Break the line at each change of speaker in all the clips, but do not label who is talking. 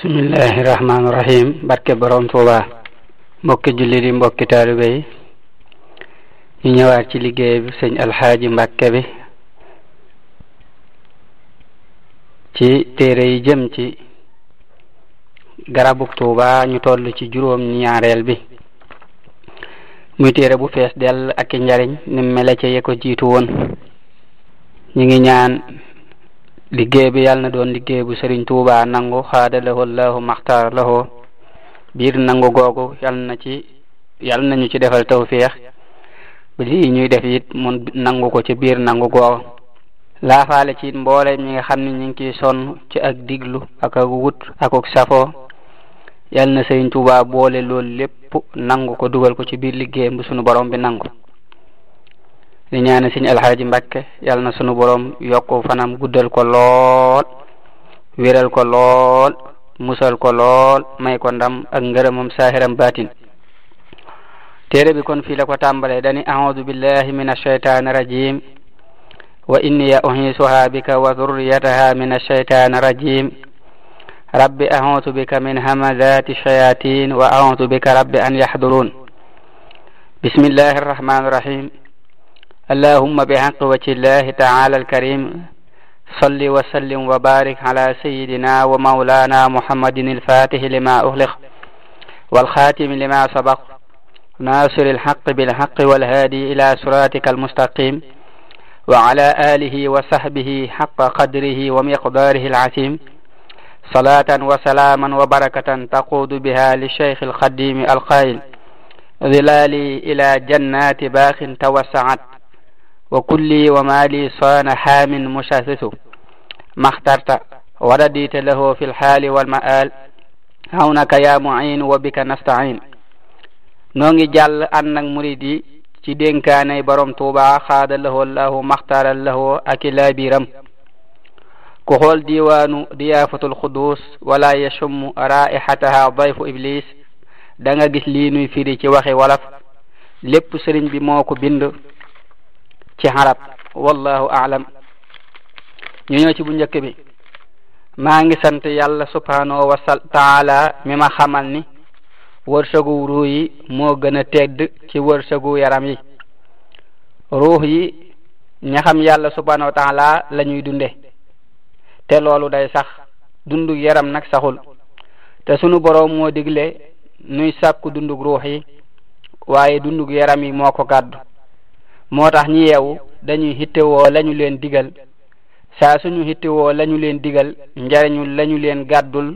bismillahi rahmaani rahim barke borom Tuuba mbokki jullit yi mbokki taalibe yi ñu ñëwaat ci liggéey bi sëñ alxaaji Mbàkke bi ci téere yi jëm ci garabuk Tuuba ñu toll ci juróom ñaareel bi muy téere bu fees dell ak i njariñ ni mele ko jiitu woon ñu ngi ñaan liggéey bi yàlla na doon liggéey bu sëriñ tuuba nangu xaada lahu llahu maxtaar laho biir nangu googu yàll na ci yàll nañu ci defal taw fiix ba lii ñuy def it mu nangu ko ci biir nangu googu laafaale ci mboole ñi nga xam ne ñu ngi ciy sonn ci ak diglu ak ak wut ak ak safoo yàll na sëriñ tuuba boole loolu lépp nangu ko dugal ko ci biir liggéeyam bu sunu borom bi nangu di ñaane sëñ alxaaji Mbàkke yàlla na sunu borom yokku fanam guddal ko lool wéral ko lool musal ko lool may ko ndam ak ngërëmam saahiram baatin téere bi kon fii la ko tàmbalee dani a'uudu billahi min ashaytaani rajim wa inni uhiisuha bika wa dhurriyataha min ashaytaani rajim rabbi a'uudu bika min hamazati shayatin wa a'uudu bika rabbi an yahdurun bismillahi arrahmani irrahim اللهم بحق وجه الله تعالى الكريم صل وسلم وبارك على سيدنا ومولانا محمد الفاتح لما أغلق والخاتم لما سبق ناصر الحق بالحق والهادي إلى صراطك المستقيم وعلى آله وصحبه حق قدره ومقداره العظيم صلاة وسلاما وبركة تقود بها للشيخ القديم القائل ظلالي إلى جنات باخ توسعت وكلي ومالي صان حام مشاسس ما اخترت ورديت له في الحال والمآل هونك يا معين وبك نستعين نونغي جال أنك مريدي ci dénkaanay borom tuuba xaada lahoo lahu maxtaaral lahoo aki laabiram ku xool diwaanu diyaafatul xudus wala yashum raihataha dayfu iblis da nga gis lii nuy waxi walaf lépp sëriñ bi moo ko bind ci arab wallahu aalam ñu ñëw ci bu njëkk bi maa ngi sant yàlla subhanahu wa taala mi ma xamal ni wërsëgu ruux yi moo gën a tedd ci wërsëgu yaram yi ruux yi ñaxam xam yàlla subhanahu wa taala la ñuy dunde te loolu day sax dundu yaram nag saxul te sunu boroom moo digle nuy sàkku dundug ruux yi waaye dundug yaram yi moo ko gàddu moo tax ñi yeewu dañuy hittewoo lañu leen digal saa suñu hittewoo lañu leen digal njariñu lañu leen gàddul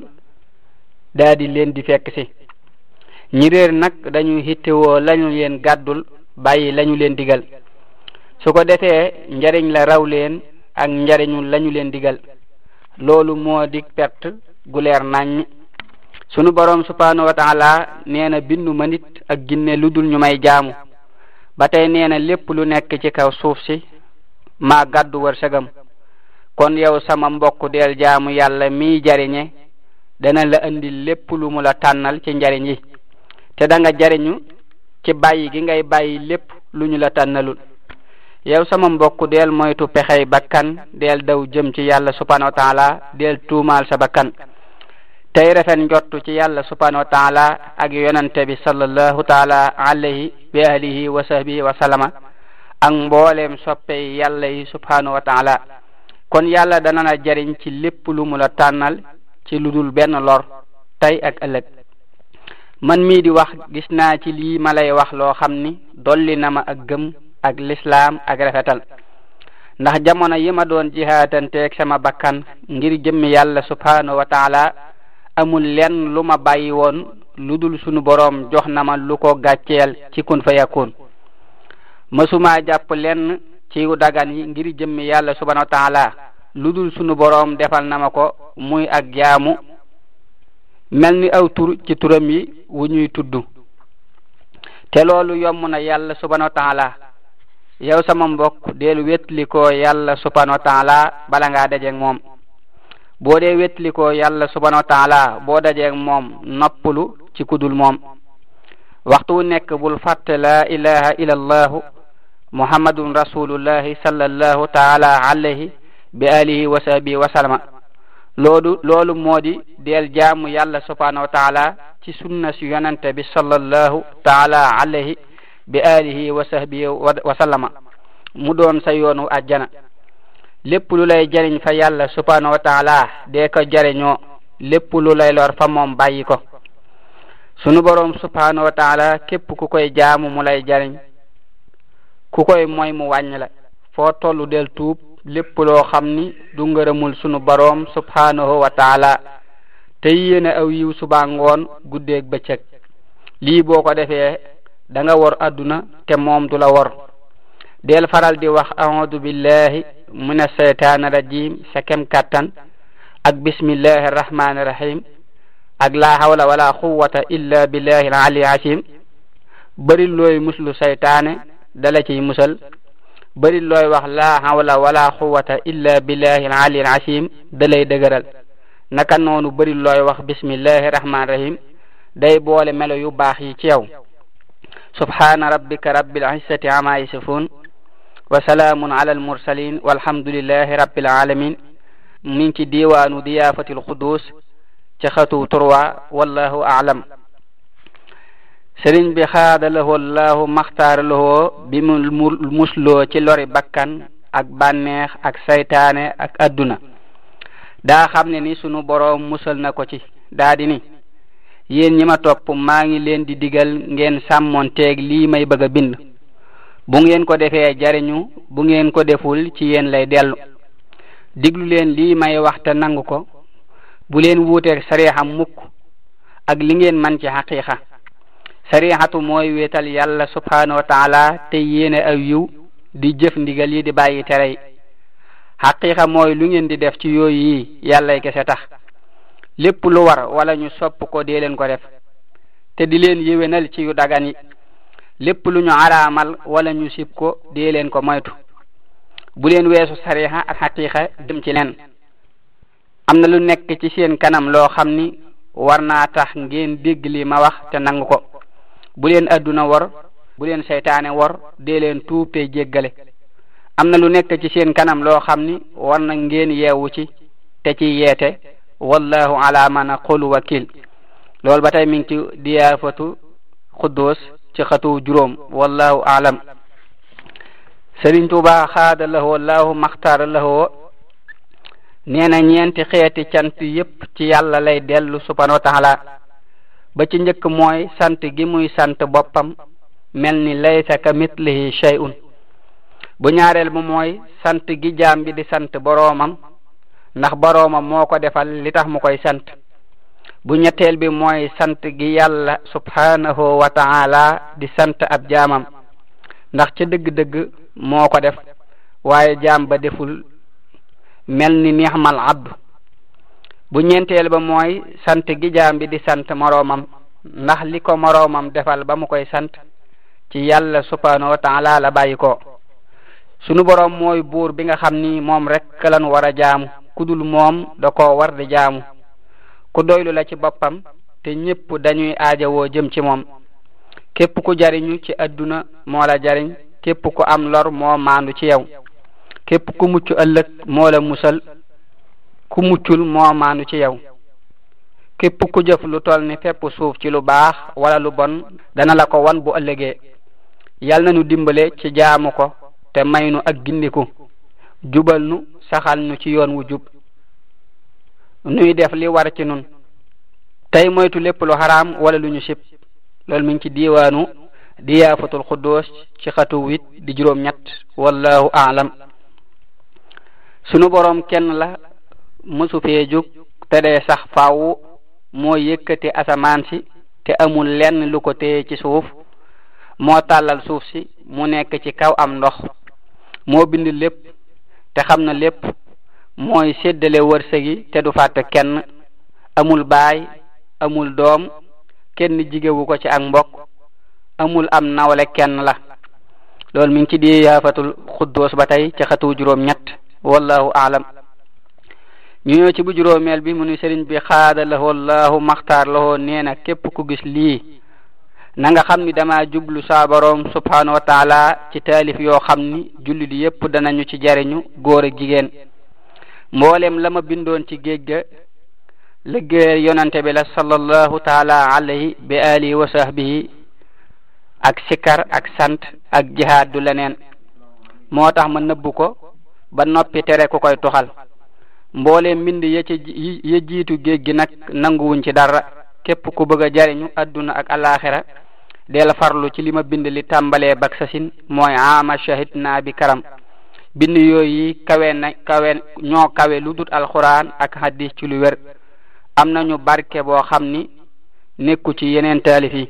daldi leen di fekk si ñi réer nag dañuy hittewoo lañu leen gàddul bàyyi lañu leen digal su ko defee njariñ la raw leen ak njariñu lañu leen digal loolu moo di perte gu leer naññ sunu boroom subhaanahu wa taala nee na bindu ma nit ak ginne lu dul ñu may jaamu ba tey nee na lépp lu nekk ci kaw suuf si maa gàddu wërsëgam kon yow sama mbokk del jaamu yàlla mii jariñe dana la indil lépp lu mu la tànnal ci njariñ yi te danga jariñu ci bàyyi gi ngay bàyyi lépp lu ñu la tànnalul yow sama mbokk del moytu pexey bakkan del daw jëm ci yàlla subhanahu wa taala del tuumaal sa bakkan tey rafet njottu ci yàlla subhanahu wa taala ak yonante bi sallallahu taala alayhi wa alihi wa sahbihi wa sallama ak mbooleem soppe yàlla yi subhanahu wa kon yàlla dana la jariñ ci lépp lu mu la tànnal ci lu dul benn lor tey ak ëllëg man mii di wax gis naa ci lii malay lay wax loo xam ni dolli na ma ak gëm ak lislaam ak rafetal ndax jamono yi ma doon jihaatanteeg sama bakkan ngir jëmmi yàlla subhanahu wa amul lenn lu ma bàyyi woon lu dul sunu boroom jox na ma lu ko gàcceel ci kun fa yakun jàpp lenn ci dagan yi ngir jëmm yàlla subhanahu taala lu dul sunu boroom defal na ma ko muy ak jaamu mel ni aw tur ci turam yi wu ñuy tudd te loolu yomb na yàlla subhanahu wa taala sama mbokk del wetli ko yàlla subhanahu bala ngaa dajeeg moom boo dee wetlikoo yàlla subhanahu wa taala boo ak moom noppulu ci kudul moom waxtu wu nekk bul fàtte la ilaha illa allah muhammadun rasulullahi sallallahu taala alayhi bi alihi wa sahbihi wa sallama loolu loolu moo di deel jaamu yàlla subhanahu wa taala ci sunna si yonante bi sallallahu taala alayhi bi alihi wa sahbihi wa sallama mu doon sa yoonu ajjana lépp lu lay jariñ fa yàlla subhanahu wa taala dee ko jariñoo lépp lu lay lor fa moom bàyyi ko sunu boroom subhanahu képp ku koy jaamu mu lay jariñ ku koy mooy mu wàññi la foo tollu del tuub lépp loo xam ni du ngërëmul sunu boroom subhanahu wa taala te yéene aw yiw suba ngoon guddeeg lii boo ko defee danga wor adduna te moom du la wor del faral di wax audu billahi من الشيطان الرجيم سكم كتن أك بسم الله الرحمن الرحيم أك لا حول ولا قوة إلا بالله العلي العظيم bari looy muslu saytaane dala ciy musal bari looy wax laa hawla wala quwata illa billahi al-ali al-asim dalay dëgëral naka noonu bari looy wax bismillahi rahman rahim day boole melo yu baax yi ci yow subhana rabbika rabbil izzati amma yasifun wasalaamun ala almursalin walhamdulillahi rabbil alamin mi ngi ci diwaanu diyaafatil xudus ci xatu turwa wallahu aalam sëriñ bi xaada lahoo laahu maxtaar lahoo bi mu ci lori bakkan ak bànneex ak saytaane ak adduna daa xam ne ni sunu boroom musal na ko ci daa di ni yéen ñi ma topp maa ngi leen di digal ngeen sàmmoon teeg lii may bëgg a bind bu ngeen ko defee jariñu bu ngeen ko deful ci yéen lay dellu diglu leen lii may wax nangu ko bu leen wuuteeg sariixa mukk ak li ngeen man ci xaqiiqa sariixatu mooy wetal yàlla subhanahu wa te yéene aw yiw di jëf ndigal yi di bàyyi tere yi xaqiiqa mooy lu ngeen di def ci yooyu yi yàllay kese tax lépp lu war wala ñu sopp ko dee leen ko def te di leen yéwénal ci yu dagan lépp lu ñu araamal wala ñu sib ko dee leen ko moytu bu leen weesu sariha ak xaqiqa dem ci leen am na lu nekk ci seen kanam loo xam ni war naa tax ngeen dégg li ma wax te nangu ko bu leen adduna wor bu leen seytaane wor dee leen tuub te jéggale am na lu nekk ci seen kanam loo xam ni war na ngeen yeewu ci te ci yeete wallahu ala ma naqulu wakil loolu ba tey ci diyaafatu xuddoos ci xatu juróom wallahu alam Sëriñ Tuuba xaada lahoo laahu maxtaara lahoo nee na ñeenti xeeti cant yépp ci yàlla lay dellu subhanahu wa ba ci njëkk mooy sant gi muy sant boppam mel ni laysa ka mitlihi shay'un bu ñaareel bu mooy sant gi jaam bi di sant boroomam ndax boroomam moo ko defal li tax mu koy sant bu ñetteel bi mooy sant gi yàlla subhanahu wa taala di sant ab jaamam ndax ca dëgg-dëgg moo ko def waaye jaam ba deful mel ni nixmal abdu bu ñeenteel ba mooy sant gi jaam bi di sant moroomam ndax li ko moroomam defal ba mu koy sant ci yàlla subhanahu wa la bàyyi ko sunu boroom mooy buur bi nga xam ni moom rek lan war jaamu kudul moom da koo war di jaamu ku doylu la ci boppam te ñépp dañuy aajowoo jëm ci moom képp ku jariñu ci adduna moo la jariñ képp ku am lor moo maandu ci yow képp ku mucc ëllëg moo musal ku muccul moo maandu ci yow képp ku jëf lu tol ni fepp suuf ci lu baax wala lu bon dana la ko wan bu ëllëgee yal na nu dimbale ci jaamu ko te may nu ak gindiku jubal nu saxal nu ci yoon wu jub nuy def li war ci nun tey moytu lépp lu xaraam wala lu ñu sib loolu mi ngi ci diiwaanu diyaafatul xuddoos ci xatu wit di juróom ñett wallahu aalam sunu boroom kenn la mësu fee jug te dee sax faaw moo yëkkati asamaan si te amul lenn lu ko téye ci suuf moo tàllal suuf si mu nekk ci kaw am ndox moo bind lépp te xam na lépp mooy seddale wërsëgi te du fàtte kenn amul baay amul doom kenn jigewu ko ci ak mbokk amul am nawle kenn la loolu mi ngi ci di yaafatul xuddoos ba tey ci xatu juróom ñett wallahu aalam ñu ñëw ci bu juróomeel bi mu ni sëriñ bi xaada la wallahu maxtaar la nee na képp ku gis lii nanga xam ni dama jublu saabaroom boroom subhaanahu ci taalif yoo xam ni jullit yépp danañu ci jariñu góor ak jigéen mboolem la ma bindoon ci géej ga liggéeyal yonante bi la sallallahu taala alayhi bi alihi wa ak sikar ak sant ak jihaad du leneen moo tax ma nëbbu ko ba noppi tere ku koy tuxal mboolem mbind ya ci ya jiitu géej gi nag nanguwuñ ci dara képp ku bëgg a jariñu adduna ak alaxira del farlu ci li ma bind li tàmbalee baksasin mooy ama shahid naa karam bind yooyu kawe na kawe ñoo kawe lu dut alxuraan ak hadis ci lu wér am nañu barke boo xam ni nekku ci yeneen taalif yi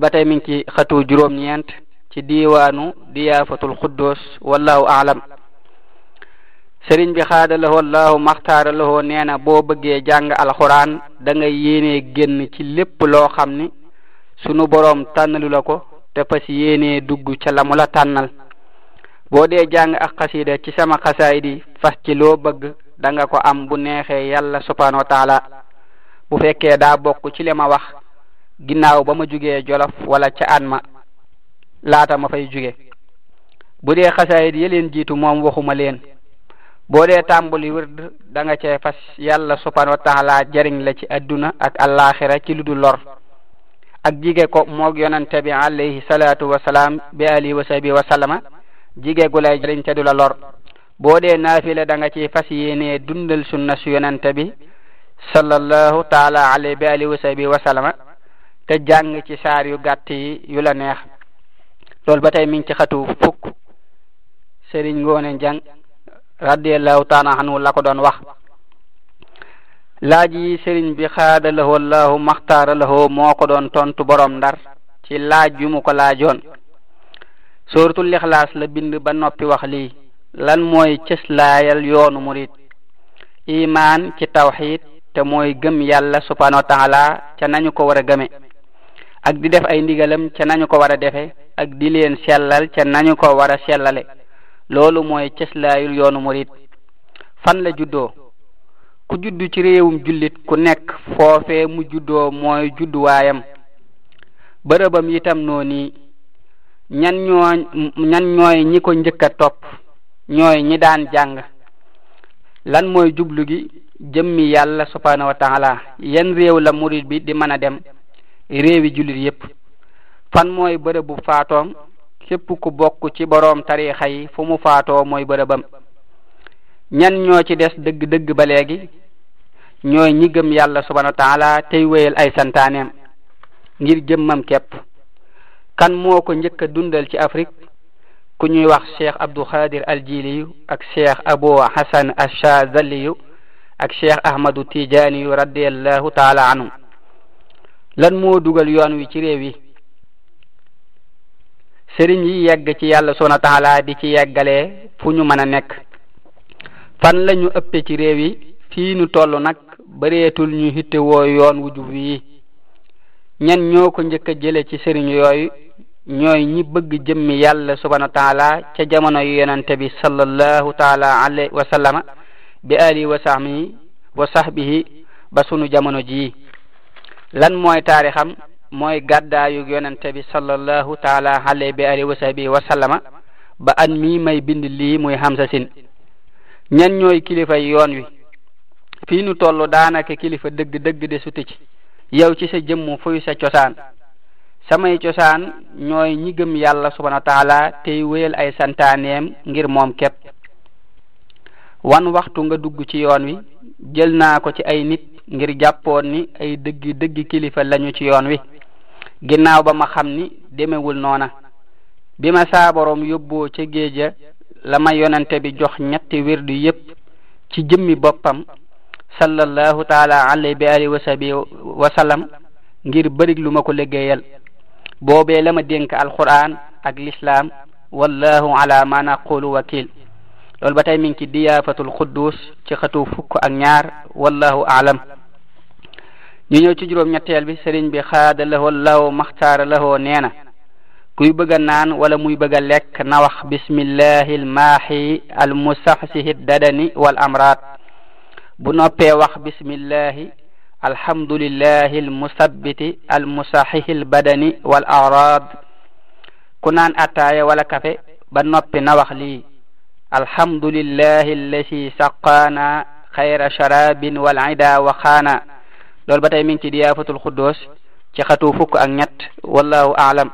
ba tey mi ngi ci xatu juróom-ñeent ci diiwaanu diyaafatul xuddoos wallahu aalam sëriñ bi xaadalahoo allahu maxtaaralahoo nee na boo bëggee jàng alxuraan da nga génn ci lépp loo xam ni sunu boroom tànnalu la ko te fas yéenee dugg ca la mu tànnal boo dee jàng ak xasida ci sama xasaayidi fas ci loo bëgg danga ko am bu neexee yàlla subhanahu wa bu fekkee daa bokk ci li ma wax ginnaaw ba ma jugee jolof wala ca an ma laata ma fay juge bu dee xasaayid yi leen jiitu moom waxuma leen boo dee tàmbali wird danga nga cee fas yàlla subhanahu wa taala la ci adduna ak allaaxira ci lu dul lor ak jige ko moog yonante bi alayhi wasalaam bi alihi wa jige gu lay jariñ te du la lor boo dee naafile da nga ci fas yéenee dundal sunna su yonente bi sallallahu taala alayhi bi alihi wa sahbihi te jàng ci saar yu gàtt yi yu la neex loolu ba tey mi ngi ci xatu fukk sëriñ ngoone jàng radiallahu taala anhu la ko doon wax laaj yi sëriñ bi xaada lahoo allahu maxtaara moo ko doon tontu borom ndar ci laaj yu mu ko laajoon li lixlaas la bind ba noppi wax lii lan mooy cës cëslaayal yoonu murid imaan ci tawxiit te mooy gëm yàlla subhanahu wa taala ca nañu ko war a gëme ak di def ay ndigalam ca nañu ko war a defe ak di leen sellal ca nañu ko war a sellale loolu mooy cëslaayul yoonu murid fan la juddoo ku juddu ci réewum jullit ku nekk foofee mu juddoo mooy judduwaayam bërëbam itam noonu ñan ñooy ñi ko njëkk a topp ñooy ñi daan jàng lan mooy jublu gi jëmmi yàlla subhanahu taala yan réew la murid bi di mën a dem réewi jullit yépp fan mooy bërëb faatoom képp ku bokk ci boroom tariixa yi fu mu faatoo mooy bërëbam ñan ñoo ci des dëgg dëgg ba léegi ñooy ñi gëm yàlla subhanahu wa taala tey wéyal ay santaaneem ngir jëmmam kepp kan moo ko njëkk a dundal ci Afrique ku ñuy wax cheikh Abdou Khadir Aljiliyu ak cheikh Abu Hasan Achazaliyu ak cheikh Ahmadu Tijaaniyu radiallahu taala anhu lan moo dugal yoon wi ci réew yi sëriñ yi yegg ci yàlla subhaanahu wa taala di ci yeggalee fu ñu mën a nekk fan lañu ñu ci réew yi fii nu toll nag bareetul ñu hittewoo yoon wu jub yi ñan ñoo ko njëkk jële ci sëriñ yooyu ñooy ñi bëgg jëmmi yàlla subhanahu wa ca jamono yu yonente bi taala alayhi wa sallama alihi wa sahbihi wa ba sunu jamono ji lan mooy taarixam mooy gàddaayu yonente bi sallallahu taala alayhi bi alihi wa sahbihi ba at mii may bind muy Hamza Sine ñan ñooy kilifa yoon wi fii nu toll kilifa dëgg dëgg de suti ci ci sa jëmm fuy sa cosaan samay cosaan ñooy ñi gëm yàlla subhanahu wa taala tey wéyal ay santaaneem ngir moom képp wan waxtu nga dugg ci yoon wi jël naa ko ci ay nit ngir jàppoon ni ay dëgg dëgg kilifa lañu ci yoon wi ginnaaw ba ma xam ni demewul noona bi ma saa yóbboo ca géeja la ma yonante bi jox ñetti wirdu yépp ci jëmmi boppam sallallahu taala alayhi wa alihi wa sallam ngir bërig lu ma ko liggéeyal boobee la ma dénk alquran ak l'islam wallahu ala ma naqulu wakil loolu ba tey mi ngi ci diyaafatul quddus ci xatu fukk ak ñaar wallahu alam ñu ñëw ci juróom ñetteel bi sëriñ bi xaada lahoo law maxtaara lahoo nee na kuy bëgg a naan wala muy bëgg a lekk na wax bismillahi almaaxi almusaxsihi dadani wal amraat bu noppee wax bismillahi الحمد لله المثبت المصحح البدن والأعراض كنان اتاي ولا كفي بنوبي نوخ لي الحمد لله الذي سقانا خير شراب والعدا وخانا لول باتاي مين تي ديافه القدوس تي خاتو فوك اك نيت والله اعلم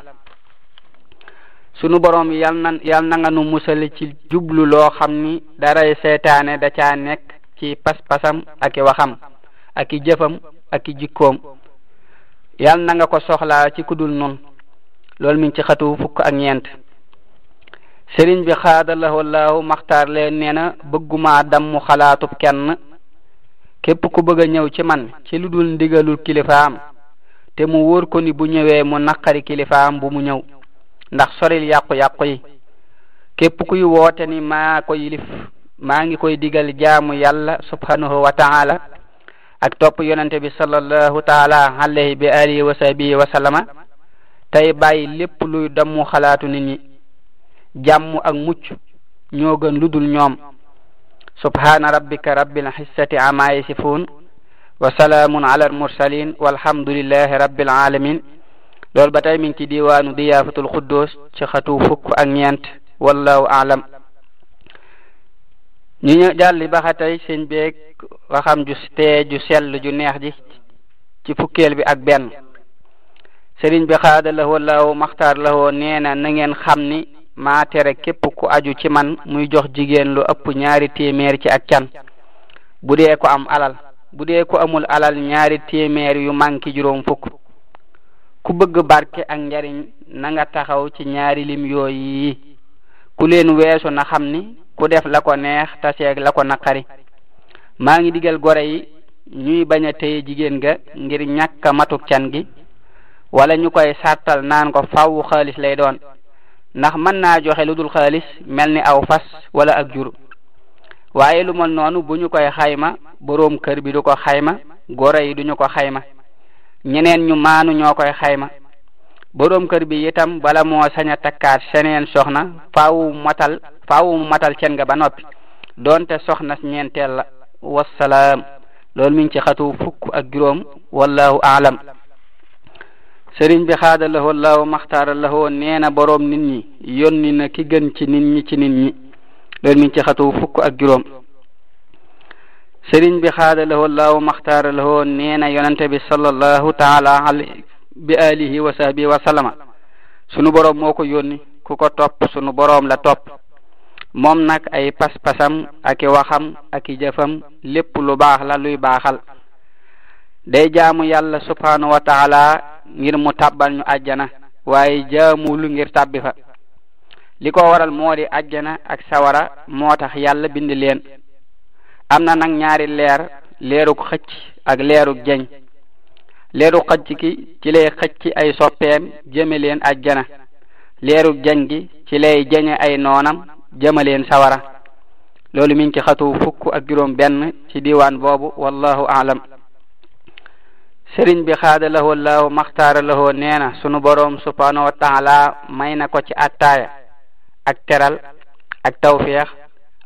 سونو بروم يال نان يال نانا نو موسال تي جوبلو لو خامني داراي سيتانه دا تيا نيك تي باس باسام اك وخام ak i jëfam ak i jikkoom yàlla nanga ko soxlaa ci kudul nun loolu mi ci xatu fukk ak ñeent sëriñ bi xaadalahoo laahu maxtaar leen nee na bëgguma damm xalaatub kenn képp ku bëgg a ñëw ci man ci lu dul ndigalul kilifaam te mu wóor ko ni bu ñëwee mu naqari kilifaam bu mu ñëw ndax soril yàqu-yàqu yi képp kuy woote ni maa ko yilif maa ngi koy digal jaamu yàlla subhanahu wa ak topp yonente bi sallallahu taala alayhi bi alihi wa sahbihi wa sallama tey bàyyi lépp luy dammu xalaatu ni ñi jàmm ak mucc ñoo gën lu dul ñoom subhana rabbika rabbil xissati ama yasifuun wa salaamun ala al walhamdulillahi rabbil alamin loolu ba tey mi ngi ci diwaanu diyaafatul ci xatu fukk ak ñeent wallahu aalam ñu ñu jàlli baxa tey sëñ waxam ju tee ju sell ju neex ji ci fukkeel bi ak benn sëriñ bi xaada la wallaahu maxtaar la woon nee na na xam ni maa tere képp ku aju ci man muy jox jigéen lu ëpp ñaari téeméer ci ak can bu dee ko am alal bu dee ko amul alal ñaari téeméer yu manki juróom fukk ku bëgg barke ak njariñ na nga taxaw ci ñaari lim yooyu ku leen weesu na xam ni ku def la ko neex taseeg la ko naqari maa ngi digal gore yi ñuy baña a jigéen ga ngir ñàkk a matuk can gi wala ñu koy sartal naan ko faww xaalis lay doon ndax mën naa joxe lu dul xaalis mel ni aw fas wala ak jur waaye lu mel noonu bu ñu koy xayma boroom kër bi du ko xayma gore yi duñu ko xayma ñeneen ñu maanu ñoo koy xayma boroom kër bi itam bala moo sañ takkaat seneen soxna faaw motal faaw mu matal cen nga ba noppi doonte soxna ñeenteel la wassalaam loolu mi ngi ci xatu fukk ak juróom wallahu aalam sëriñ bi xaada la laaw maxtaara lahoo nee na boroom nit ñi yónni na ki gën ci nit ñi ci nit ñi ci xatu fukk ak juróom bi xaada lahoo laaw maxtaara lahoo bi sallallahu taala bi alihi wa sahbihi sunu boroom moo ko yónni ku ko topp sunu boroom la topp moom nag ay pas-pasam ak i waxam ak jëfam lépp lu baax la luy baaxal day jaamu yàlla subhanahu wa taala ngir mu tàbbal ñu ajjana waaye jaamulu ngir tàbbi fa li ko waral moo di ajjana ak sawara moo tax yàlla bind leen am na nag ñaari leer leeruk xëcc ak leeruk jeñ leeruk xëcc ki ci lay xëcc ay soppeem jëme leen ajjana leeruk jeñ gi ci lay jeñe ay noonam jëmaleen sawara loolu mi ngi ci xatu fukk ak juróom benn ci diwaan boobu wallahu aalam sëriñ bi xaada lahoo laahu lahoo nee na sunu boroom subhanahu wa taala may na ko ci attaaya ak teral ak tawfeex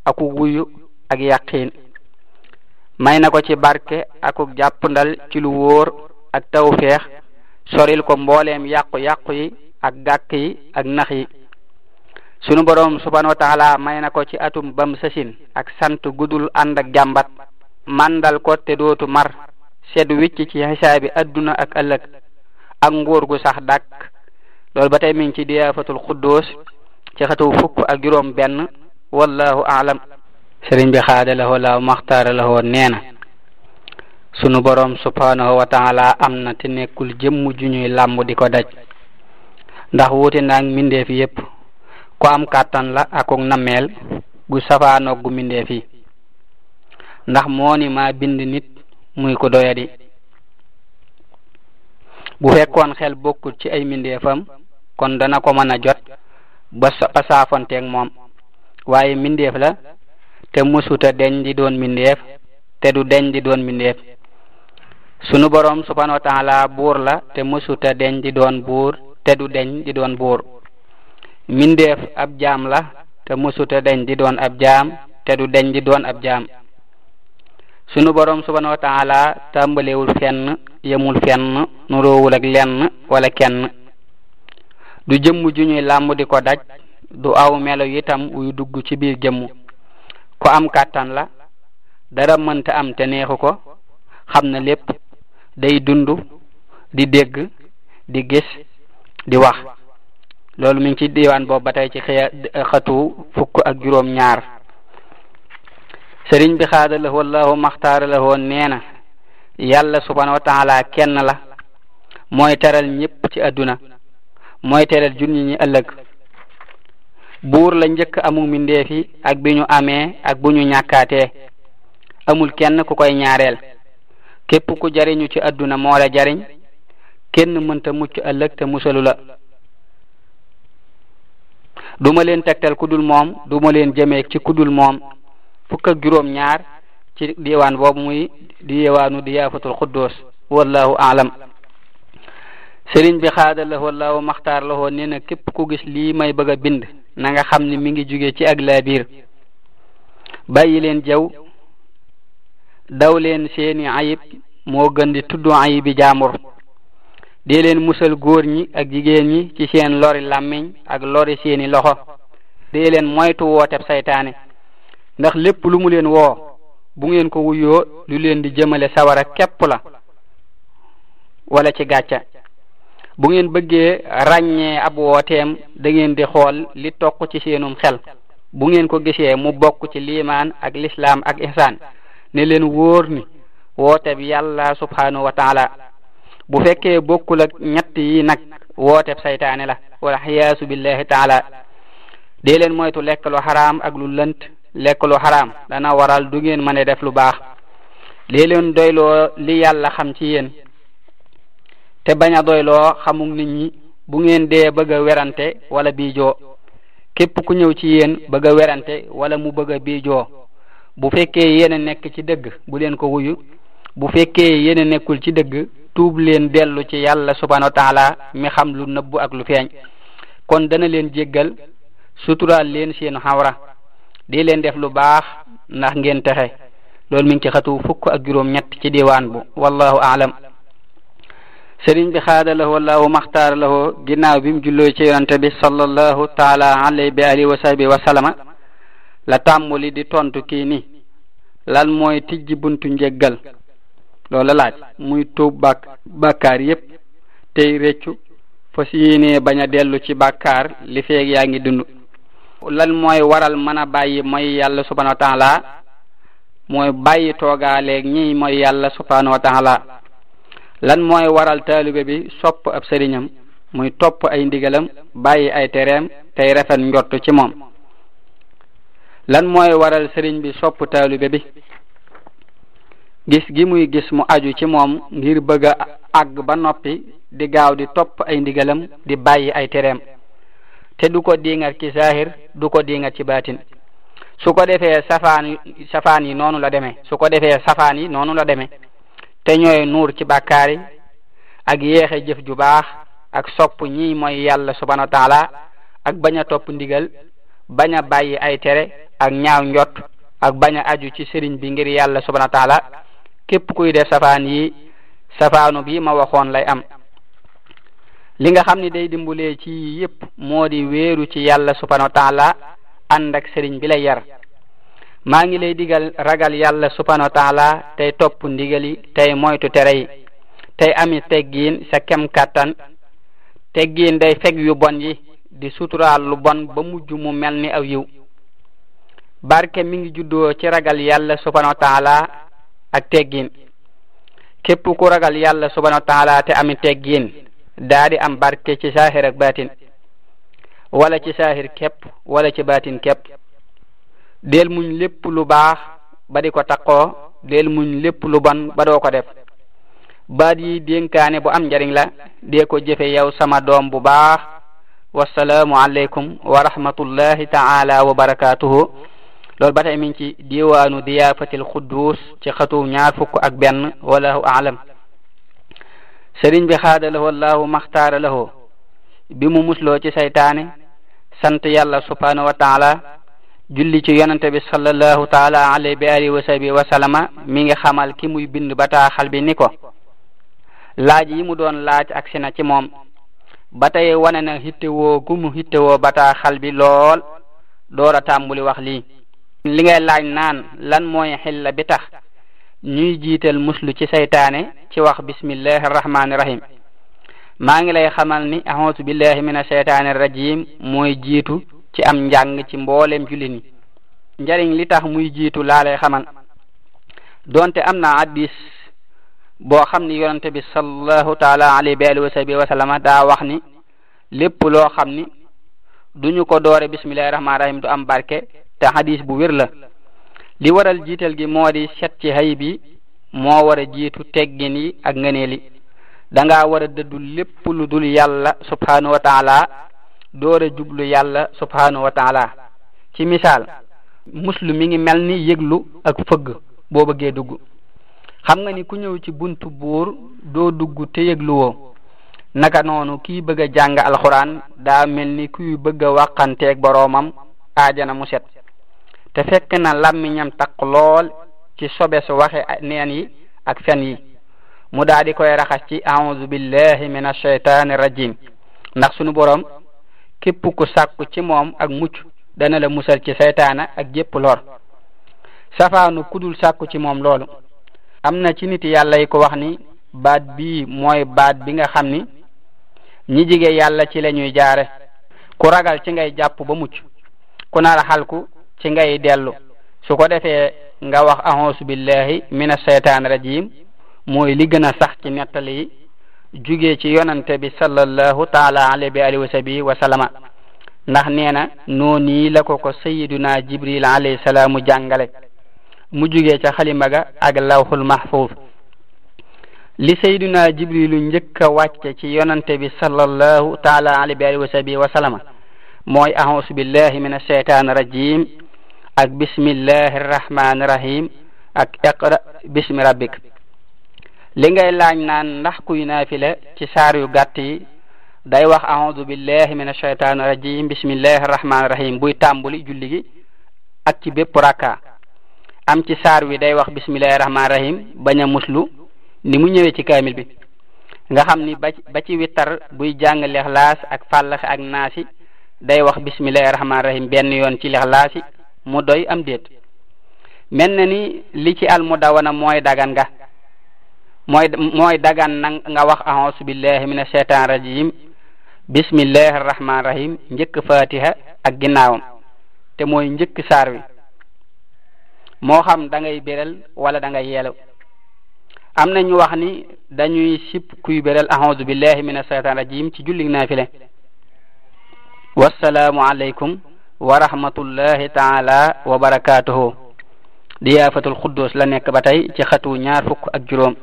aku wuyu ak yaqiin may na ko ci barke akuk jàppandal ci lu wóor ak tawfeex soril ko mbooleem yàqu-yàqu yi ak gàkk yi ak nax yi sunu borom subhanahu wa taala may na ko ci atum bam sasin ak sant gudul ànd ak jàmbat mandal ko te dootu mar sedd wicc ci xisaabi adduna ak ëllëg ak nguur gu sax dak loolu ba tey mi ngi ci diyaafatul xuddoos ci xatu fukk ak juróom benn wallahu aalam sëriñ bi xaada la laaw maxtaara la nee na sunu borom subhanahu wa taala am na te nekkul jëm ju ñuy làmb di ko daj ndax wuute naag yépp ku am kàttan la akuk nammeel gu safaanoog gu mbindee fi ndax moo ni bind nit muy ko doyadi bu fekkoon xel bokkut ci ay mbindeefam kon dana ko mën a jot ba ba saafonteeg moom waaye mbindeef la te musuta deñ di doon mbindeef te du di doon mbindeef sunu borom subhanahu wa taala buur la te musuta deñ di doon buur te du di doon buur mindeef ab jaam la te mësuta dañ di doon ab jaam te du dañ di doon ab jaam sunu borom subhanahu wa taala tàmbalewul fenn yemul fenn nuroowul ak lenn wala kenn du jëmm ju ñuy làmb di ko daj du aw melo itam wuy dugg ci biir jëmm ko am kàttan la dara mënta am te neexu ko xam na lépp day dund di dégg di gis di wax loolu mi ngi ci diwaan boobu ba tey ci xëya xatu fukk ak juróom ñaar sëriñ bi xaada la wallahu maxtaara la woon nee na yàlla subhanahu wa kenn la mooy teral ñëpp ci adduna mooy teral jun ñi ñi ëllëg buur la njëkk amul mbindeef yi ak bi ñu amee ak bu ñu ñàkkaatee amul kenn ku koy ñaareel képp ku jariñu ci adduna moo la jariñ kenn mënta mucc ëllëg te musalu la duma leen tegtal ku dul moom duma leen jëmee ci ku dul moom fukk juróom ñaar ci diwaan boobu muy diwaanu diyaafatul xuddoos wallahu alam sëriñ bi xaada la wallahu maxtaar la nee na képp ku gis lii may bëgg a bind nanga xam ni mi ngi jóge ci ak laabiir bàyyi leen jaw daw leen seeni ayib moo gën di tudd ayibi jaamur dee leen musal góor ñi ak jigéen ñi ci seen lori làmmiñ ak lori seeni loxo dee leen moytu wooteb seytaane ndax lépp lu mu leen woo bu ngeen ko wuyoo lu leen di jëmale sawara képp la wala ci gàcca bu ngeen bëggee ràññee ab wooteem da di xool li toq ci seenum xel bu ngeen ko gisee mu bokk ci liimaan ak lislaam ak ihsaan ne leen wóor ni woote yàlla subhanahu wa bu fekkee bokkul ak ñett yi nag woote saytaane la wala xiyaasu billahi taala dee leen moytu lekk lu xaraam ak lu lënt lekk lu xaraam dana waral du ngeen mën a def lu baax dee leen doyloo li yàlla xam ci yéen te bañ a doyloo xamug nit ñi bu ngeen dee bëgg a werante wala biijoo képp ku ñëw ci yéen bëgg werante wala mu bëgg a biijoo bu fekkee yéen a nekk ci dëgg bu leen ko wuyu bu fekkee yéen a nekkul ci dëgg tuub leen dellu ci yàlla subhanahu wa mi xam lu nëbbu ak lu feeñ kon dana leen jéggal suturaal leen seen xawra di leen def lu baax ndax ngeen texe loolu mi ngi xatu fukk ak juróom ñett ci diwaan bu wallahu aalam sëriñ bi xaada lahu wallahu maxtaara lahu ginnaaw bi mu julloo ci yonante bi sallallahu taala alayhi bi alihi wa sahbi la tàmmuli di tontu kii ni lan mooy tijji buntu njëggal loola laaj muy tuub bak bàkkaar yépp tey réccu fas yéenee baña dellu ci bàkkaar li feeg yaa ngi dund lan mooy waral mën a bàyyi mooy yàlla subhanahu wa taala mooy bàyyi toogaaleeg ñi mooy yàlla subhanahu wa taala lan mooy waral taalibe bi sopp ab sëriñam muy topp ay ndigalam bàyyi ay tereem tey rafet njott ci moom lan mooy waral sëriñ bi sopp taalibe bi gis gi muy gis mu aju ci moom ngir bëgg a àgg ba noppi di gaaw di topp ay ndigalam di bàyyi ay tereem te du ko diingat ci saahir du ko diingat ci baatin su ko defee safaan yi noonu la demee su ko defee safaan yi noonu la deme te ñooy nuur ci bàkkaar ak yéexe jëf ju baax ak sop ñi mooy yàlla subhanahu wa taala ak bañ a topp ndigal bañ a ay tere ak ñaaw njot ak bañ aju ci sëriñ bi ngir yàlla subhanahu képp kuy def safaan yi safaanu bi ma waxoon lay am li nga xam ni day dimbulee ci yépp moo di wéeru ci yàlla subhanahu wa taala ak sëriñ bi lay yar maa ngi lay digal ragal yàlla subhanahu wa tey topp ndigali tey moytu tere yi tey ami teggiin sa kem kàttan teggiin day feg yu bon yi di suturaal lu bon ba mujj mu mel ni aw yiw barke mi ngi juddoo ci ragal yàlla subhanahu wa ak teggin képp ku ragal yàlla subhanahu wa taala te ami teggin daa am barke ci saahir ak baatin wala ci saahir képp wala ci baatin képp del muñ lépp lu baax ba di ko taqoo del muñ lépp lu bon ba doo ko def baat yi dénkaane bu am njariñ la dee ko jëfe yow sama doom bu baax wassalaamu aleykum wa taala wa lool ba tey mi ngi ci diwaanu diyaafatil quddus ci xatu ñaar fukk ak benn wallahu aalam bi xaada lahoo allahu maxtaara lahoo bi mu musloo ci saytaane sant yàlla subhanahu wa julli ci yonente bi sallallahu taala alayhi bi alihi wa sahbi wa sallama mi ngi xamal ki muy bind bataaxal bi ni ko laaj yi mu doon laaj agsi na ci moom ba tey wane na hittewoo gumu hittewoo bataaxal bi lool door a tàmbuli wax lii li ngay naan lan mooy xilla bi tax ñuy jiital muslu ci seytaane ci wax bismillahi rahmaani rahim maa ngi lay xamal ni ahootu billahi mina seytaani rajim mooy jiitu ci am njàng ci mboolem jullit ñi njariñ li tax muy jiitu laa lay xamal donte am na addis boo xam ni yonente bi sallallahu taala alayhi bi alihi wa daa wax ni lépp loo xam ni duñu ko doore bismillahi rahmaani am barke te xadis bu wér la li waral jiital gi moo di set ci hay bi moo war a jiitu teggin yi ak ngëneeli da ngaa war a dëddu lépp lu dul yàlla subhanahu wa taala jublu yàlla subhanahu wa taala ci misaal muslim mi ngi mel ni yëglu ak fëgg boo bëggee dugg xam nga ni ku ñëw ci buntu buur doo dugg te yëgluwoo naka noonu kii bëgg jàng alxuraan daa mel ni kuy bëgg a wàqanteeg boroomam aajana mu set te fekk na làmmiñam takk lool ci sobe su waxe neen yi ak fen yi mu daa di koy raxas ci auzu billahi min ashaytaani rajim ndax sunu borom képp ku sàkku ci moom ak mucc dana la musal ci seytaana ak jépp lor safaanu kudul sàkku ci moom loolu am na ci nit yàlla yi ko wax ni baat bii mooy baat bi nga xam ni ñi jige yàlla ci la ñuy jaare ku ragal ci ngay jàpp ba mucc ku nar a xalku ci ngay dellu su ko defee nga wax ahonsu billahi mina shaytaan rajim mooy li sax ci nettali yi jugee ci yonante bi sallallahu taala alayhi wa sabi wa salama ndax nee na noonu yi la ko ko sayiduna jibril alayhi salaamu jàngale mu jugee ca xalima ga ak lawhul mahfuz li sayduna jibrilu njëkk a ci yonante bi sallallahu taala alayhi wa sabi wa salama mooy ahonsu billahi mina shaytaan rajim ak bismillahi rahmaani rahim ak iqra bismi rabbik li ngay laaj naan ndax kuy naafila ci saar yu gàtt yi day wax audu billahi min ashaytaani rajim bismillahi rahmaani rahim buy tàmbuli julli ak ci bépp rakka am ci saar wi day wax bismillahi rahmaani rahim bañ a muslu ni mu ñëwee ci kaamil bi nga xam ni ba ci wittar buy jàng lexlaas ak fàllax ak naasi day wax bismillahi rahmaani rahim benn yoon ci lexlaasi mu doy am déet mel na ni li ci al mu dawana mooy dagan nga mooy mooy dagan na nga wax aousu billahi min asheytan rajim bismillahi arrahman rahim njëkk fatiha ak ginnaawam te mooy njëkk saar wi moo xam da ngay béral wala da ngay am na ñu wax ni dañuy sip kuy béral aousu billahi min asheytan rajim ci julli naafile wasalaamu aleykum wa rahmatullahi taala wa barakaatuhu diyaafatul xudduus la nekk ba tey ci xatu ñaar fukk ak juróom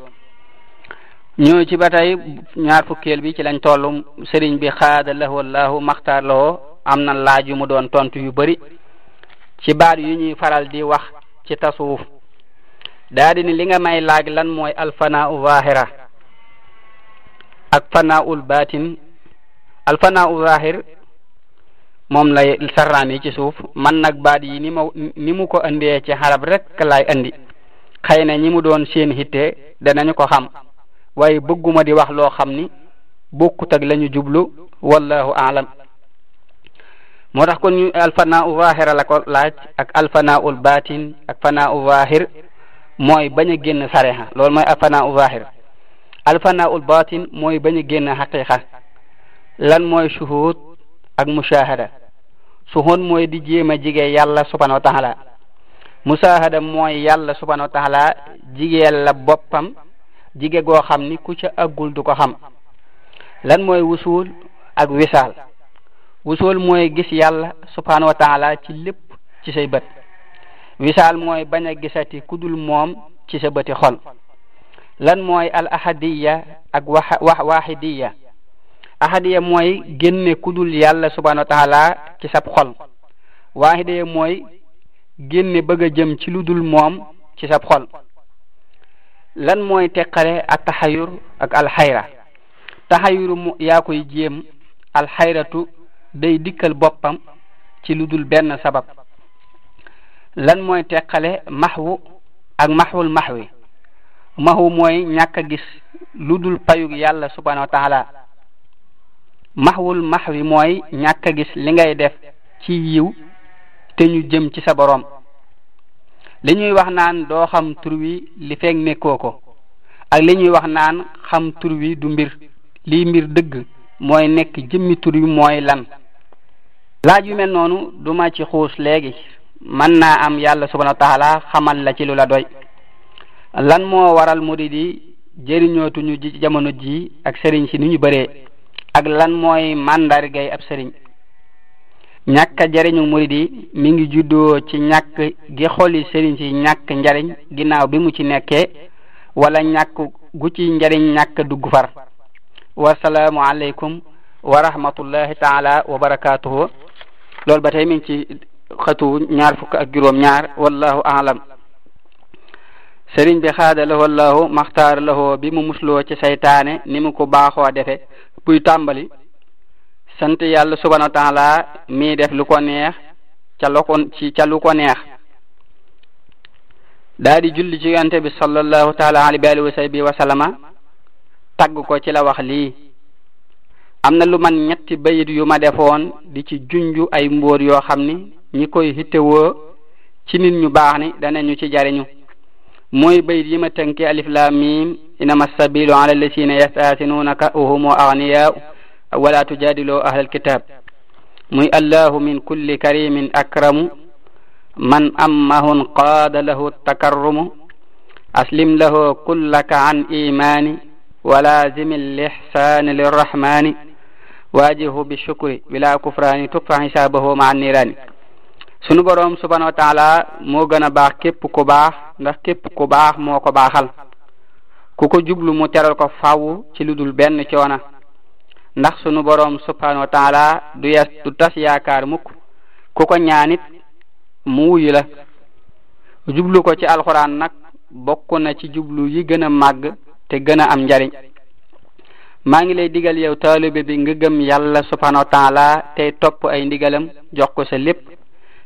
ñoo ci ba tey ñaar fukkeel bi ci lañ toll sëriñ bi xaada lahu wallahu maxtaar lahoo am na laaj yu mu doon tontu yu bari ci baat yu ñuy faral di wax ci tasawuf daa di li nga may laaj lan mooy alfanaau zahira ak fanaaul batin alfanaau zahir moom lay sarraani ci suuf man nag baat yi ni ma ni mu ko indee ci xarab rek lay indi xëy na ñi mu doon seen hitte danañu ko xam waaye bëgguma di wax loo xam ni bokkut ak la jublu wallahu aalam moo tax kon ñu alfanaau zahira la ko laaj ak alfanaul batin ak fanaau mooy bañ a génn sareha lool mooy alfanaau zahir alfanaul batin mooy bañ a génn xaqiqa lan mooy shuhud ak mushahada su suxoon mooy di jéem a jigéen yàlla subhanahu wa taala musaahada mooy yàlla subhanahu wa taala la boppam jige goo xam ni ku ca àggul du ko xam lan mooy wusuul ak wisaal wusuul mooy gis yàlla subhanahu ci lépp ci say bët wisaal mooy bañ a gisati kudul moom ci sa bëti xol lan mooy al ahadiya ak wax wax waaxidiya ahadiya mooy génne ku dul yàlla subhanahu wa taala ci sab xol waahidiya mooy génne bëgg a jëm ci lu dul moom ci sab xol lan mooy teqale ak taxayur ak alxayra taxayuru mu yaa koy jéem alxayratu day dikkal boppam ci lu dul benn sabab lan mooy teqale maxwu ak maxwul maxwi maxwu mooy ñàkk a gis lu dul payug yàlla subhanahu maxwul max wi mooy ñàkk a gis li ngay def ci yiw te ñu jëm ci sa boroom li ñuy wax naan doo xam tur wi li feeg nekkoo ko ak li ñuy wax naan xam tur wi du mbir lii mbir dëgg mooy nekk jëmmi tur wi mooy lan laaj yu mel noonu duma ci xuus léegi mën naa am yàlla subhanahu wa taala xamal la ci lu la doy lan moo waral murid di jëriñootuñu ji jamono ji ak sëriñ si ni ñu bëree ak lan mooy mandargay ab sëriñ ñàkk jariñu muridi mi ngi juddoo ci ñàkk gi xoli sëriñ si ñàkk njariñ ginnaaw bi mu ci nekkee wala ñàkk gu ci njariñ ñàkk dugg far wasalaamu aleykum wa rahmatullahi taala wa barakatuhu loolu ba tey mi ngi ci xëtu ñaar fukk ak juróom ñaar wallahu alam sëriñ bi xaada lahu allahu maxtaar lahoo bi mu musloo ci saytaane ni mu ko baaxoo defe buy tàmbali sant yàlla subhanahu wa taala mii def lu ko neex ca lu ko neex daa julli ci yonent bi sallallahu taala alayhi wa sahbihi wa tagg ko ci la wax lii am na lu man ñetti bayit yu ma defoon di ci junju ay mbóot yoo xam ni ñi koy hittewoo ci nit ñu baax ni danañu ci jariñu mooy bayit yi ma tënkee alif laam miim إنما السبيل على الذين يستأذنونك وهم أغنياء ولا تجادلوا أهل الكتاب مي الله من كل كريم أكرم من أمه قاد له التكرم أسلم له كلك عن إيمان ولازم الإحسان للرحمن واجه بالشكر بلا كفران تقفى حسابه مع النيران سنبرهم سبحانه وتعالى موغن باخ كيب كوباخ نخ كيب كوباخ موكو باخل ku ko jublu mu teral ko faw ci lu dul benn coona ndax sunu boroom subhanahu wa du yes du tas yaakaar mukk ku ko ñaanit mu wuyu la jublu ko ci alxuraan nag bokk na ci jublu yi gën a màgg te gën a am njariñ maa ngi lay digal yow taalibe bi nga gëm yàlla subhanahu wa taala tey topp ay ndigalam jox ko sa lépp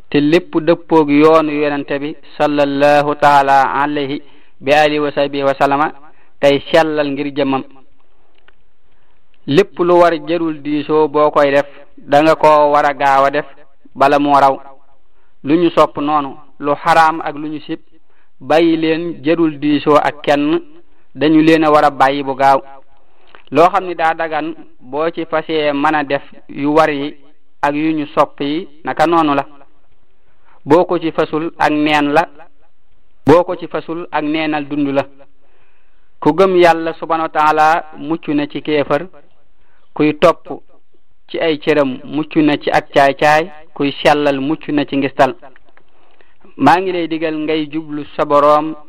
te lépp dëppoog yoonu yonente bi sallallahu taala alayhi bi alihi wa sahbihi tey sellal ngir jëmmam lépp lu war jërul diisoo boo koy def danga ko koo war a gaaw a def bala mu raw lu ñu sopp noonu lu xaraam ak lu ñu sib bàyyi leen jërul diisoo ak kenn dañu leen a war a bàyyi bu gaaw loo xam ni daa dagan boo ci fasee mën a def yu war yi ak yu ñu sopp yi naka noonu la boo ko ci fasul ak neen la boo ko ci fasul ak neenal dund la ku gëm yàlla subhanahu wa taala mucc na ci keefar kuy topp ci ay cëram mucc na ci ak caay-caay kuy sellal mucc na ci ngistal maa ngi lay digal ngay jublu sa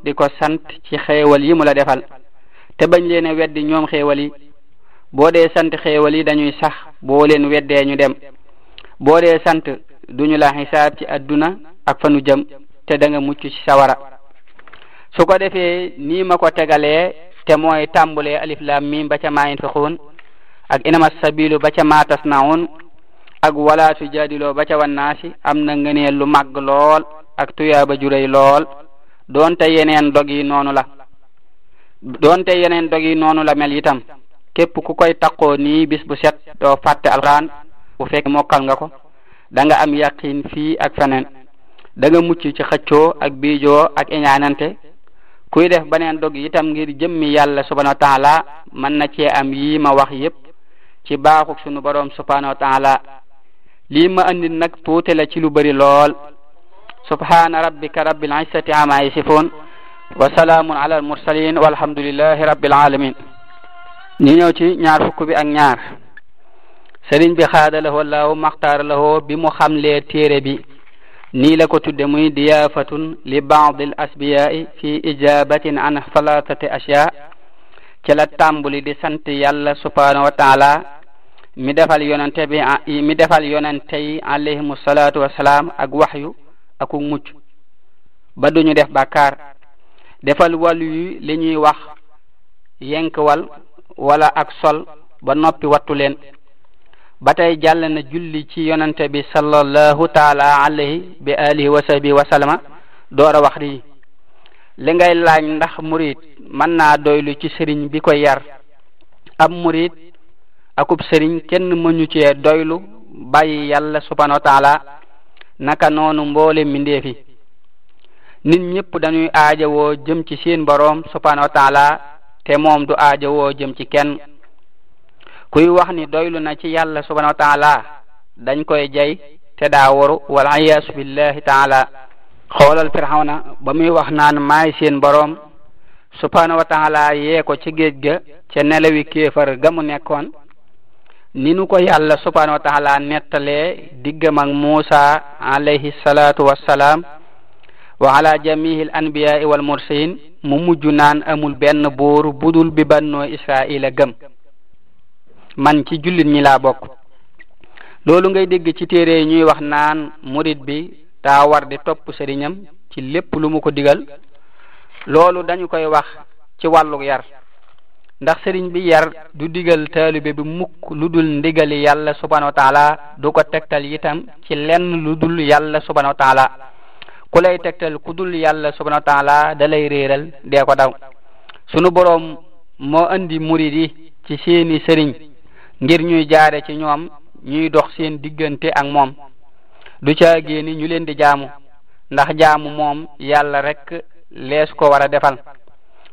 di ko sant ci xéewal yi mu la defal te bañ leen a weddi ñoom xéewal yi boo dee sant xéewal yi dañuy sax boo leen weddee ñu dem boo dee sant duñu la xisaab ci adduna ak fanu jëm te da mucc ci sawara su ko defee nii ma ko tegalee te mooy tàmbulee alif laam miim ba ca maa infiquun ak inama sabilu ba ca maa tasnaun ak wala tujaadiloo ba ca wannaasi am na ngëneel lu màgg lool ak tuya ba juréy lool doonte yeneen dog yi noonu la doonte yeneen dog yi noonu la mel itam képp ku koy taqoo nii bis bu set doo bu fekk mokkal nga ko da am yaqin fii ak feneen danga nga mucc ci xëccoo ak biijoo ak iñaanante kuy def beneen dog itam ngir jëmmi yàlla subhanahu wa taala na cee am yii ma wax yépp ci baaxuk sunu boroom subhanahu wa taala lii ma andi nag tuute la ci lu bari lool subhana rabbika rabbil izzati amma yasifoon wa salaamun ala al mursalin walhamdulillahi rabbil alamin ñu ñëw ci ñaar fukk bi ak ñaar sëriñ bi xaada lahoo laahu maxtaar lahoo bi mu xamlee téere bi nii la ko tudde muy diyaafatun li ba al asbiyaai fi ijabatin an salatati asya ci la di sant yàlla subhanahu wa mi defal yonente bi mi defal yonente yi alayhim ak waxyu ak mucc ba duñu def bàkkaar defal wàllu yu li ñuy wax yenkwal wala ak sol ba noppi wattu leen ba tey jàll na julli ci yonante bi sallallahu taala alayhi bi alihi wa sahbi wa sallama wax di li ngay laaj ndax murid mën naa doylu ci sëriñ bi ko yar ab murid akub sëriñ kenn mënu cee doylu bàyyi yàlla subhanahu wa naka noonu mboole mindeefi nit ñëpp dañuy aajowoo jëm ci seen boroom subhanahu wa te moom du aajowoo jëm ci kenn kuy wax ni doylu na ci yàlla subhanahu wa dañ koy jay te daa waru wala iyaasu billahi taala xoolal firawna ba muy wax naan maay seen boroom subhanahu wa taala yee ko ci géej ga ca nelawi kéefar ga mu nekkoon ni nu ko yàlla subhanahu wa taala nettalee diggam ak muusa alayhi salaatu wassalaam wa ala jamihil anbiyaai wal mursalin mu mujj naan amul benn buur budul bi bannoo israila gëm man ci jullit ñi laa bokk loolu ngay dégg ci téere yi ñuy wax naan murid bi daa war di topp sëriñam ci lépp lu mu ko digal loolu dañu koy wax ci wàlluk yar ndax sëriñ bi yar du digal taalibe bi mukk lu dul ndigali yàlla subhanahu wa du ko tegtal itam ci lenn lu dul yàlla subhanahu wa ku lay tegtal ku dul yàlla subhanahu wa taala da lay réeral dee ko daw sunu boroom moo andi murid yi ci seeni sëriñ ngir ñuy jaare ci ñoom ñuy dox seen diggante ak moom du caagee ni ñu leen di jaamu ndax jaamu moom yàlla rekk lees ko war a defal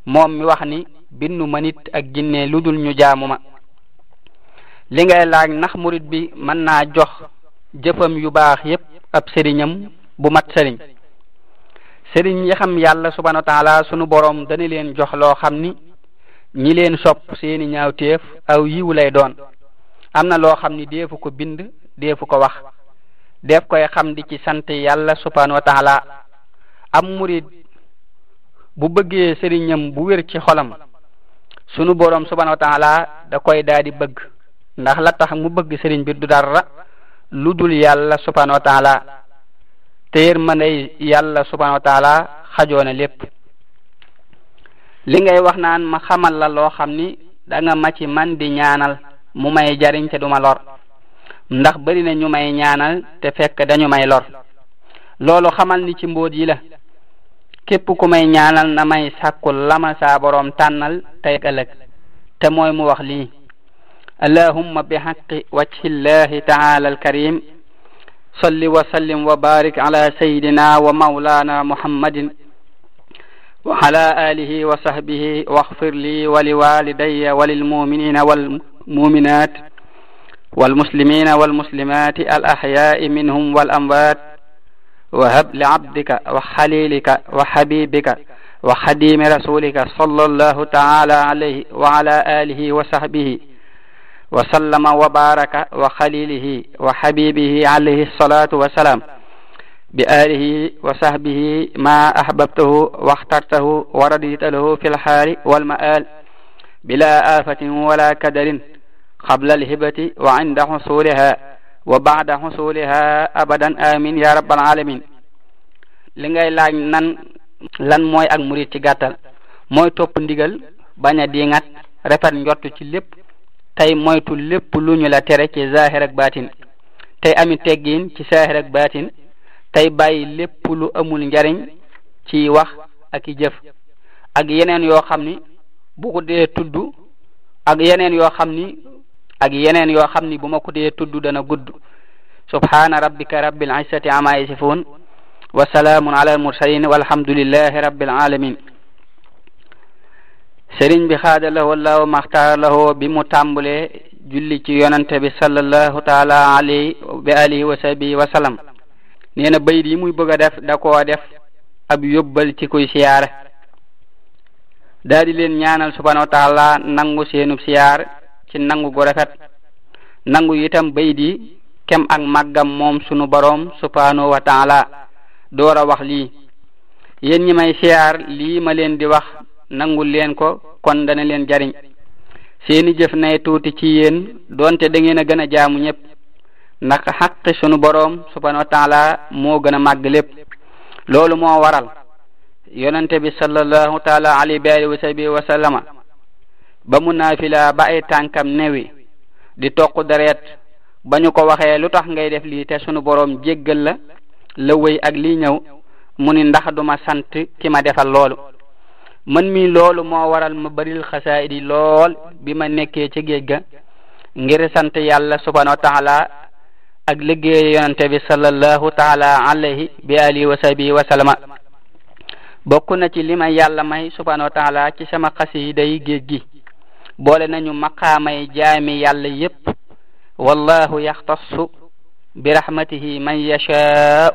moom mi wax ni bindu ma nit ak ginne lu dul ñu jaamu ma li ngay laaj ndax murit bi mën naa jox jëfam yu baax yépp ab sëriñam bu mat sëriñ sëriñ yi xam yàlla subhanahu wa taala sunu borom dana leen jox loo xam ni ñi leen sopp seeni ñaawteef aw yiw lay doon am na loo xam ni deefu ko bind deefu ko wax def koy xam di ci sant yàlla subhanahu wa taala am bu bëggee sëriñam bu wér ci xolam sunu borom subhanahu da koy daal di bëgg ndax la tax mu bëgg sëriñ bi du dara lu dul yàlla subhanahu wa taala te yërmande yàlla subhanahu wa taala xajoo na lépp li ngay wax naan ma xamal la loo xam ni da ma ci man di ñaanal mu may jariñ te duma lor ndax bari na ñu may ñaanal te fekk dañu may lor loolu xamal ni ci mbóot yi la képp ku may ñaanal na may sàkku lama saa boroom tànnal tey ëllëg te mooy mu wax lii allahumma bi haqqi wajhi llahi taala alkarim صل وسلم وبارك على سيدنا ومولانا محمد وعلى آله وصحبه واغفر لي ولوالدي وللمؤمنين والمؤمنين والمؤمنات والمسلمين والمسلمات الأحياء منهم والأموات وهب لعبدك وخليلك وحبيبك وخديم رسولك صلى الله تعالى عليه وعلى آله وصحبه وسلم وبارك وخليله وحبيبه عليه الصلاة والسلام بآله وصحبه ما أحببته واخترته ورديت له في الحال والمآل بلا آفة ولا كدر qabla alhibati wa inda xusuliha wa baada xusuliha abadan amin ya rabbal alamin li ngay laaj nan lan mooy ak murid ci gàttal mooy topp ndigal bañ a diŋat rafet njott ci lépp tey moytu lépp lu ñu la tere ci zahir ak baatin tey ami teggiin ci zahir ak baatin tey bàyyi lépp lu amul njariñ ci wax ak i jëf ak yeneen yoo xam ni bu ko dee ak yeneen yoo xam ni ak yeneen yoo xam ni bu ma ko dee tudd dana gudd subhana rabbika rabbil izzati amma yasifun wa salaamun ala al sëriñ bi xaada lahoo law maxtaar bi mu tàmbalee julli ci yonante bi sallallahu taala alayhi bi alihi wa sahbihi wa sallam nee bayit yi muy bëgg a def da koo def ab yóbbal ci kuy siyaare daa ñaanal subhanahu wa taala nangu seenub siyaar ci nangu gu rafet nangu itam bayit yi kem ak màggam moom sunu boroom subhanahu wa taala door a wax lii yéen ñi may siyaar lii ma leen di wax nangu leen ko kon dana leen jariñ seeni jëf na tuuti ci yéen doonte da ngeen a gën a jaamu ñépp ndax xaqi sunu boroom subhanahu wa moo gën a màgg lépp loolu moo waral yonente bi sallallahu taala alayhi wa sahbihi wa ba mu naafila ba ay tànkam newi di toq deret ba ñu ko waxee lu tax ngay def lii te sunu boroom jéggal la la wéy ak lii ñëw mu ni ndax duma sant ki ma defal loolu man mi loolu moo waral ma baril xasaayid yi lool bi ma nekkee ci géej ga ngir sant yàlla subhanahu wa taala ak liggéey yonante bi sallallahu taala alayhi bi alihi wa sahbihi wa na ci li yàlla may subhanahu wa ci sama xasiida yi géej gi boole nañu maqaamay jaami yàlla yépp wallahu yaxtassu bi rahmatihi man yashaa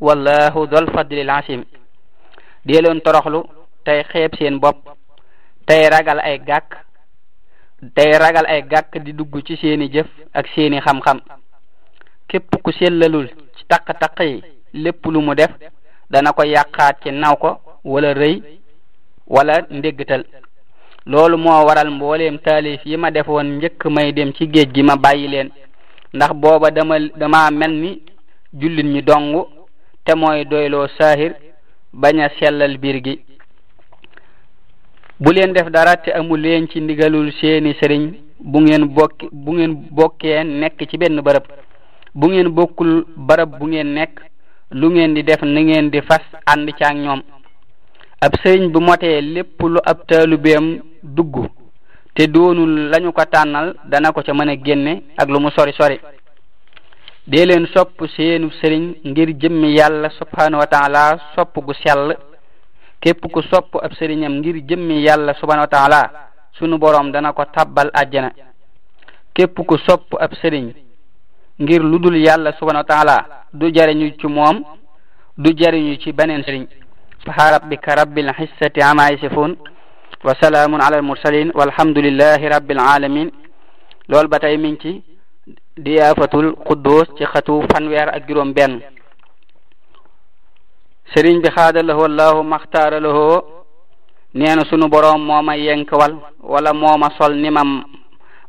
wallahu dol fadlil asim dee toroxlu tey xeeb seen bopp tey ragal ay gàkk tey ragal ay gàkk di dugg ci seeni jëf ak seeni xam-xam képp ku sellalul ci taq-taq yi lépp lu mu def dana ko yàqaat ci naw ko wala rëy wala ndéggatal loolu moo waral mbooleem taalif yi ma defoon njëkk may dem ci géej gi ma bàyyi leen ndax booba dama dama mel ni jullit ñi dong te mooy doyloo saahir bañ a sellal biir gi bu leen def dara te amul leen ci ndigalul seeni sëriñ bu ngeen bokk bu ngeen bokkee nekk ci benn barab bu ngeen bokkul bërëb bu ngeen nekk lu ngeen di def na ngeen di fas ànd caag ñoom ab sëriñ bu motee lépp lu ab taalubeem dugg te doonul lañu ko tànnal dana ko ca mën a génne ak lu mu sori sori dee leen sopp seenu sëriñ ngir jëmmi yàlla subhanahu sopp gu sell képp ku sopp ab sëriñam ngir jëmmi yàlla subhanahu wa taala sunu boroom dana ko tàbbal àjjana képp ku sopp ab sëriñ ngir lu dul yàlla subhanahu wa du jariñu ci moom du jariñu ci beneen sëriñ سبحان ربك رب الحسة عما يصفون وسلام على المرسلين والحمد لله رب العالمين لول باتاي مينتي ديافة القدوس تي خطو فانوير اجروم بن سرين بخاد له الله مختار له نيانو سنو بروم موما ينكوال ولا موما صل نمام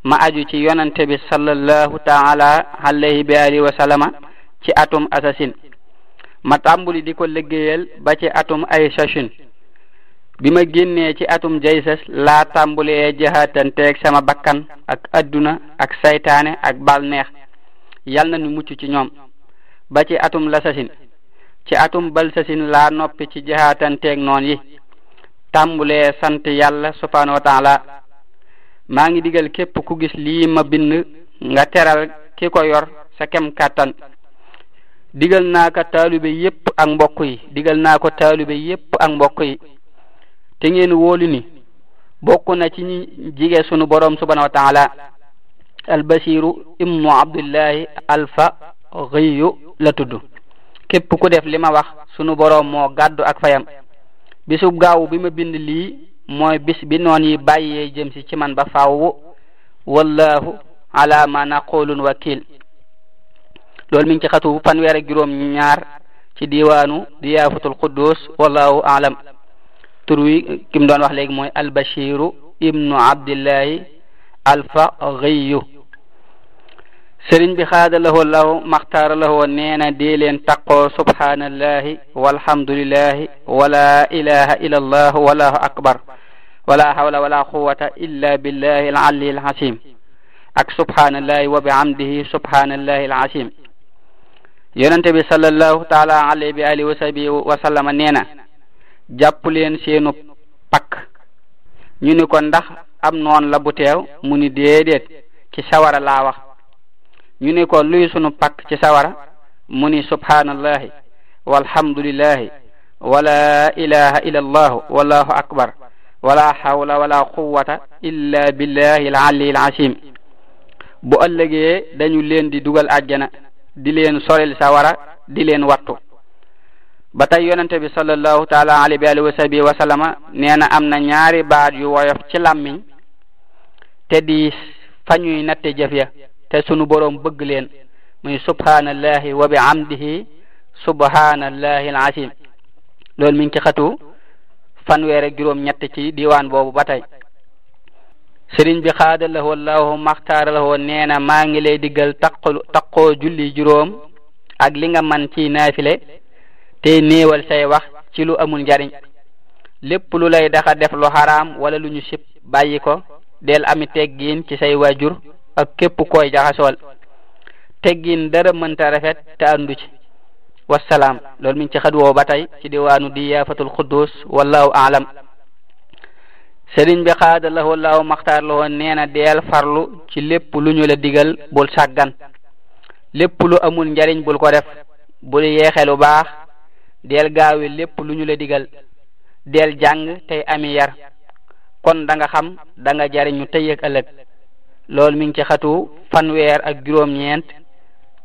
ما اجو تي يونان تبي صلى الله تعالى عليه بآله وسلم تي اتوم اساسين ma tàmbuli di ko liggéeyal ba ci atum ay sachin bi ma génnee ci atum jaysas laa tàmbulee jaxatanteeg sama bakkan ak adduna ak saytaane ak balneex yal na nu mucc ci ñoom ba ci atum lasasin ci atum bal balsasin laa noppi ci jaxatanteeg noon yi tàmbulee sant yàlla subhanahu wa taala maa ngi digal képp ku gis lii ma bind nga teral ki ko yor sa kem kàttan digal naa ko taalibe yépp ak mbokk yi digal naa ko taalibe yépp ak mbokk te ngeen wóolu ni na ci ñi jige sunu borom subhanahu wa taala ibnu abdullahi alfa xiyu la tudd képp ku def li ma wax sunu borom moo gàddu ak fayam bisub gaaw bi ma bind lii mooy bis bi yi bàyyee jëm si ci man ba faaw wallahu ala ma naqulun wakil لول من خطو فان وير جروم نيار تي ديوانو ديافه القدوس والله اعلم تروي كيم دون واخ ليك موي البشير ابن عبد الله الفغي سرين بخاد له الله مختار له نينا دي لين تقو سبحان الله والحمد لله ولا إله إلا الله ولا أكبر ولا حول ولا قوة إلا بالله العلي العظيم أك سبحان الله وبعمده سبحان الله العظيم yonente bi sallallahu taala bi alihi wa sahbi wa sallama leen seenu pakk ñu ni ko ndax am noon la bu teew mu ni déedéet ci sawara laa wax ñu ni ko luy sunu pakk ci sawara mu ni subhanallahi walhamdulillahi wala ilaha illa wallahu akbar wala hawla wala quwwata illa billahi al aliyyil azim bu ëllëgee dañu leen di dugal àjjana di leen soril sawara di leen wattu ba tey yonente bi sallallahu taala alayhi wa alihi wa am na ñaari baat yu woyof ci làmmiñ te di fa ñuy natte jëf te sunu boroom bëgg leen muy subhanallahi wa bihamdihi subhanallahi alazim loolu mi ngi ci xatu fanweer ak juróom ci diwaan boobu ba sëriñ bi xaadalahoo allahu maxtaaralahoo nee na maa ngi lay diggal taqu taqoo julli juróom ak li nga man ci naafile te néewal say wax ci lu amul njariñ lépp lu lay daxa def lu xaraam wala lu ñu sib bàyyi ko del ami teggin ci say waajur ak képp koy jaxasool teggin dara mënta rafet te andu ci wassalaam loolu mi ngi ci xadwoo ba tey ci diwaanu diyaafatul quddus wallahu aalam sëriñ bi xaada lahu laaw maxtaar lahu nee na deel farlu ci lépp lu ñu la digal bul sàggan lépp lu amul njariñ bul ko def bul yeexe lu baax deel gaawi lépp lu ñu la digal deel jàng tey ami yar kon da xam da jariñu tey ak ëllëg loolu mi ngi ci xatu fanweer ak juróom-ñeent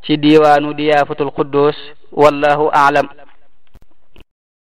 ci diiwaanu diyaafatul quddus wallahu aalam